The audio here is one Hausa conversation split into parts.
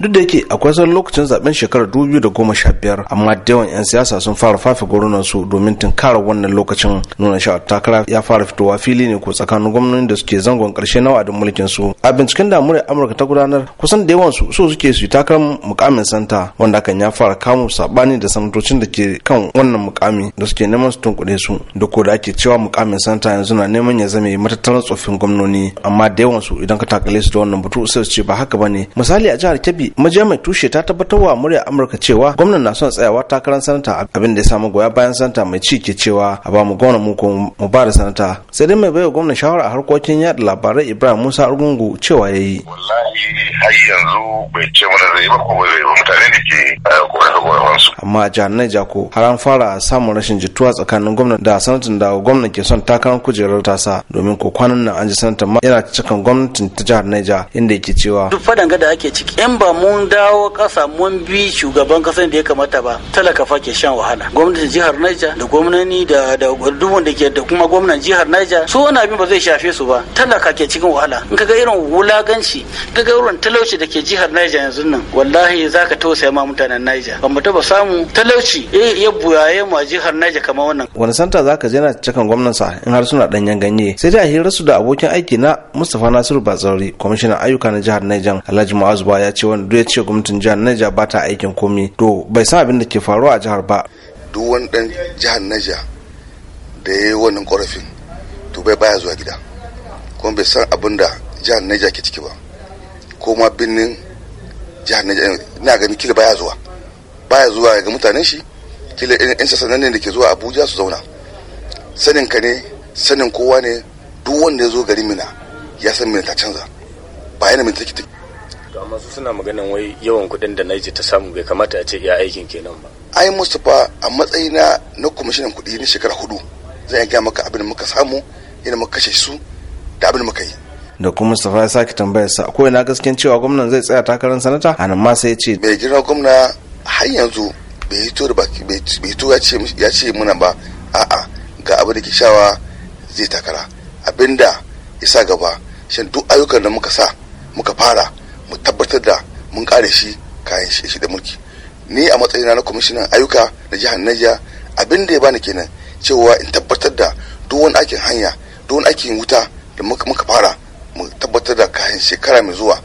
duk da yake akwai san lokacin zaben shekarar biyar amma da yawan 'yan siyasa sun fara fafe gwamnan su domin kara wannan lokacin nuna sha takara ya fara fitowa fili ne ko tsakanin gwamnoni da suke zangon karshe na wa'adin mulkin su a binciken da amurka amurka ta gudanar kusan da yawan su so suke su takarar mukamin santa wanda kan ya fara kamu sabani da sanatocin da ke kan wannan mukami da suke neman su tunkuɗe su da ko da ake cewa mukamin santa yanzu na neman ya zame matattaran tsoffin gwamnoni amma da yawan su idan ka takale su da wannan batu sai su ce ba haka bane misali a jihar kebbi majami mai tushe ta tabbatar wa murya amurka cewa gwamnan na son tsayawa takarar sanata abin da ya samu goya bayan sanata mai ci ke cewa a ba mu mu mu ba da sanata sai dai mai baiwa gwamnan shawara a harkokin yada labarai ibrahim musa argungu cewa ya yi. har yanzu bai ce mana zai ba ko ba zai ba mutane ne ke eh, korafe amma a jihar na'ija ko har an fara samun rashin jituwa tsakanin gwamna da sanatin da gwamnati ke son takarar kujerar tasa domin ko kwanan nan an ji sanatan ma yana cikin gwamnatin ta jihar naija inda yake cewa. duk fadan gada ake ciki in ba mun dawo kasa mun bi shugaban kasan da ya kamata ba talaka fa ke shan wahala gwamnatin jihar na'ija da gwamnani da da duk wanda ke da kuma gwamnan jihar na'ija. su wani abin ba zai shafe su ba talaka ke cikin wahala in kaga irin wulaganci kaga irin talauci da ke jihar Niger yanzu nan wallahi ka tausaya ma mutanen Niger ba mu taba samu talauci ya buyaye mu a jihar Niger kamar wannan wani santa zaka je na cikin sa? in har suna danyen ganye sai dai da hirar su da abokin aiki na Mustapha Nasiru Bazauri kwamishinan ayyuka na jihar Niger Alhaji Mu'azu ba ya ce wani duk ya ce gwamnatin jihar Niger ba ta aikin komi to bai san abin da ke faruwa a jihar ba duk wani dan jihar Niger da ya yi wannan korafin to bai baya zuwa gida kuma bai san abin da jihar Niger ke ciki ba koma ma birnin jihar Niger eh, ina ganin kila baya zuwa baya zuwa ga mutanen shi kila sa sassanan ne da ke zuwa Abuja su zauna sanin ka ne sanin kowa ne duk wanda ya zo garin Mina ya san Mina ta canza ba yana Mina take amma su suna maganin wai yawan kuɗin da Niger ta samu bai kamata a ce iya aikin kenan ba ai Mustapha a matsayina na kwamishinan kuɗi na shekara hudu zan iya gaya maka abin da muka samu ina muka kashe su da abin da muka yi da kuma Mustapha ya sake tambayarsa ko na gaskiyan cewa gwamnan zai tsaya takarar sanata a nan ma sai ya ce mai girma gwamna har yanzu bai hito da bai hito ya ce muna ba a'a ga abu da ke zai takara abinda isa gaba shan duk ayyukan da muka sa muka fara mu tabbatar da mun kare shi kayan shi da mulki ni a matsayina na kwamishinan ayyuka da jihar Niger abin da ya bani kenan cewa in tabbatar da duk wani aikin hanya duk wani aikin wuta da muka fara mu tabbatar da kayan shekara mai zuwa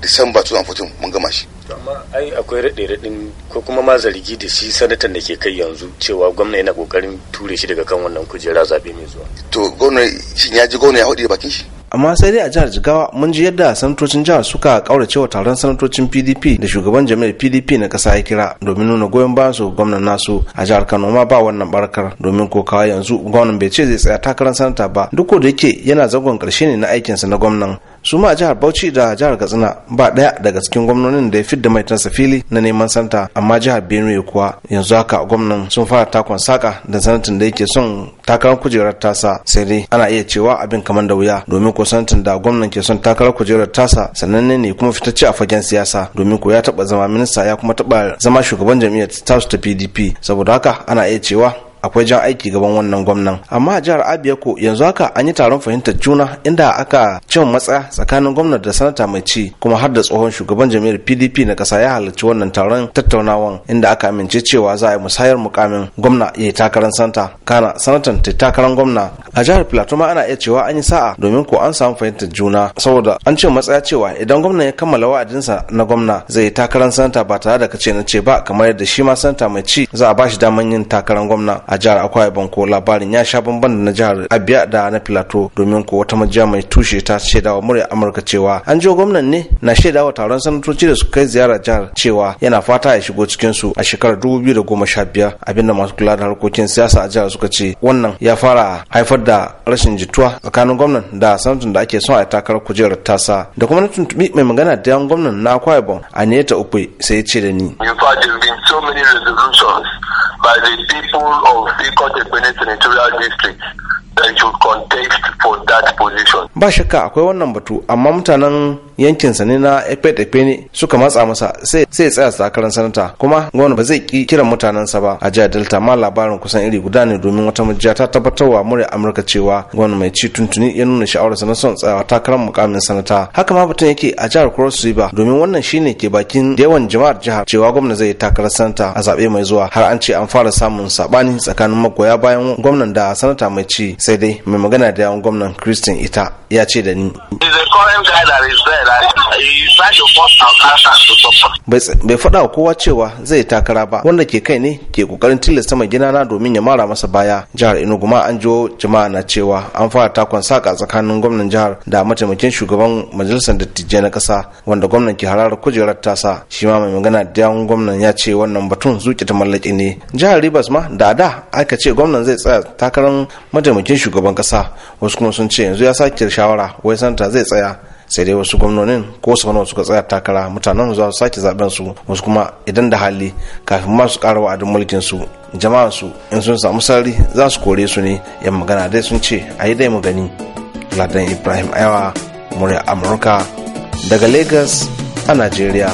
disamba 2014 mun gama shi amma ai akwai rade raɗin ko kuma ma zargi da shi sanatan da ke kai yanzu cewa gwamna yana kokarin ture shi daga kan wannan kujera zabe mai zuwa to gwamna shin ya ji gwamna ya hudu bakin shi amma sai dai a jihar jigawa mun ji yadda sanatocin jihar suka kaurace wa taron sanatocin pdp da shugaban jami'ar pdp na kasa ya kira domin nuna goyon bayan su gwamnan nasu a jihar kano ma ba wannan barkar domin ko kawai yanzu gwamnan bai ce zai tsaya takarar sanata ba duk da yake yana zagon karshe ne na aikinsa na gwamnan su ma jihar bauchi da jihar katsina ba ɗaya daga cikin gwamnonin da ya fidda mai tansa fili na neman santa amma jihar benue kuwa yanzu haka gwamnan sun fara takon saka da sanatin da yake son takarar kujerar tasa sai dai ana iya cewa abin kamar da wuya domin ko sanatin da gwamnan ke son takarar kujerar tasa sananne ne kuma fitacce a fagen siyasa domin ko ya taba zama minista ya kuma taba zama shugaban jam'iyyar tasu ta pdp saboda haka ana iya cewa akwai jan aiki gaban wannan gwamnan amma a jihar abia ko yanzu haka an yi taron fahimtar juna inda aka cin matsa tsakanin gwamnan da sanata mai ci kuma har da tsohon shugaban jami'ar pdp na kasa ya halarci wannan taron tattaunawan inda aka amince cewa za a yi musayar mukamin gwamna ya yi takarar santa kana sanatan ta takarar gwamna a jihar plateau ma ana iya cewa an yi sa'a domin ko an samu fahimtar juna saboda an ce matsaya cewa idan gwamnan ya kammala wa'adinsa na gwamna zai yi takarar santa ba tare da kace na ce ba kamar yadda shi ma santa mai ci za a ba shi daman yin takarar gwamna a jihar akwai banko labarin ya sha bamban da na jihar abia da na filato domin ko wata majiya mai tushe ta shaidawa murya amurka cewa an jiwa gwamnan ne na shaidawa taron sanatoci da su kai ziyara jihar cewa yana fata ya shigo cikin su a shekarar dubu biyu da goma sha biyar abinda masu kula da harkokin siyasa a jihar suka ce wannan ya fara haifar da rashin jituwa tsakanin gwamnan da sanatan da ake son a takarar kujerar tasa da kuma na tuntubi mai magana da yan gwamnan na akwa ibom a ne ta uku sai ya ce da ni. by the people of Ikot Ekwene Senatorial District that should contest for that position. Ba shakka akwai wannan batu, amma mutanen yankin sa ne na ekpe ne suka matsa masa sai sai tsaya takarar sanata kuma gwamna ba zai ki kiran mutanen sa ba a jihar delta ma labarin kusan iri guda ne domin wata majiya ta tabbatarwa murya amurka cewa gwamna mai ci tuntuni ya nuna sha'awar na son tsayawa takarar mukamin sanata haka ma batun yake a jihar cross river domin wannan shine ke bakin yawan jama'ar jihar cewa gwamna zai yi takarar sanata a zaɓe mai zuwa har an ce an fara samun sabani tsakanin magoya bayan gwamnan da sanata mai ci sai dai mai magana da yawan gwamnan kiristin ita ya ce da ni. The current guy that is there bai faɗa wa kowa cewa zai takara ba wanda ke kai ne ke kokarin tilasta mai na domin ya mara masa baya jihar enugu ma an jiwo jama'a na cewa an fara takon saka tsakanin gwamnan jihar da mataimakin shugaban majalisar dattijai na ƙasa wanda gwamnan ke hararar kujerar tasa shi ma mai magana da yawon gwamnan ya ce wannan batun zuke ta mallaki ne jihar ribas ma da da aka ce gwamnan zai tsaya takarar mataimakin shugaban ƙasa wasu kuma sun ce yanzu ya sake shawara wai santa zai tsaya sai dai wasu gwamnonin ko su wani suka tsaya takara mutanen za su sake zaben su wasu kuma idan da hali kafin ma su ƙara wa'adin mulkin su jama'an su in sun samu sarari za su kore su ne yan magana dai sun ce a yi dai mu gani ladan ibrahim ayawa murya amurka daga lagos a nigeria